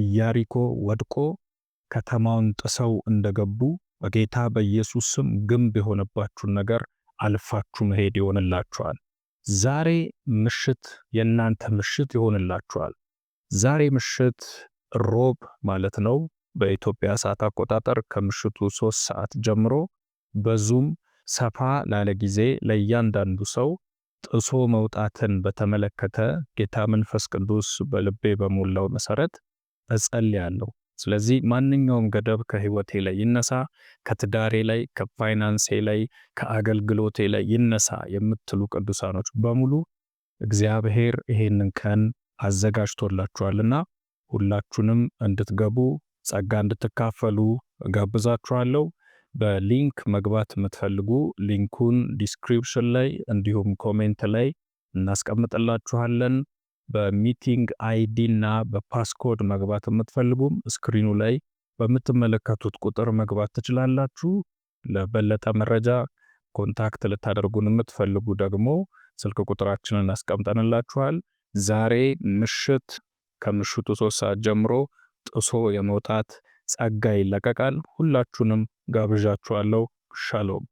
ኢያሪኮ ወድቆ ከተማውን ጥሰው እንደገቡ በጌታ በኢየሱስ ስም ግንብ የሆነባችሁን ነገር አልፋችሁ መሄድ ይሆንላችኋል። ዛሬ ምሽት የእናንተ ምሽት ይሆንላችኋል። ዛሬ ምሽት ሮብ ማለት ነው። በኢትዮጵያ ሰዓት አቆጣጠር ከምሽቱ ሶስት ሰዓት ጀምሮ በዙም ሰፋ ላለ ጊዜ ለእያንዳንዱ ሰው ጥሶ መውጣትን በተመለከተ ጌታ መንፈስ ቅዱስ በልቤ በሞላው መሰረት እጸልያለሁ። ስለዚህ ማንኛውም ገደብ ከህይወቴ ላይ ይነሳ፣ ከትዳሬ ላይ፣ ከፋይናንሴ ላይ፣ ከአገልግሎቴ ላይ ይነሳ የምትሉ ቅዱሳኖች በሙሉ እግዚአብሔር ይሄንን ቀን አዘጋጅቶላችኋልና ሁላችሁንም እንድትገቡ ጸጋ እንድትካፈሉ ጋብዛችኋለሁ። በሊንክ መግባት የምትፈልጉ ሊንኩን ዲስክሪፕሽን ላይ እንዲሁም ኮሜንት ላይ እናስቀምጥላችኋለን። በሚቲንግ አይዲ እና በፓስኮድ መግባት የምትፈልጉም ስክሪኑ ላይ በምትመለከቱት ቁጥር መግባት ትችላላችሁ። ለበለጠ መረጃ ኮንታክት ልታደርጉን የምትፈልጉ ደግሞ ስልክ ቁጥራችንን አስቀምጠንላችኋል። ዛሬ ምሽት ከምሽቱ ሶስት ሰዓት ጀምሮ ጥሶ የመውጣት ጸጋ ይለቀቃል። ሁላችሁንም ጋብዣችኋለሁ። ሻሎም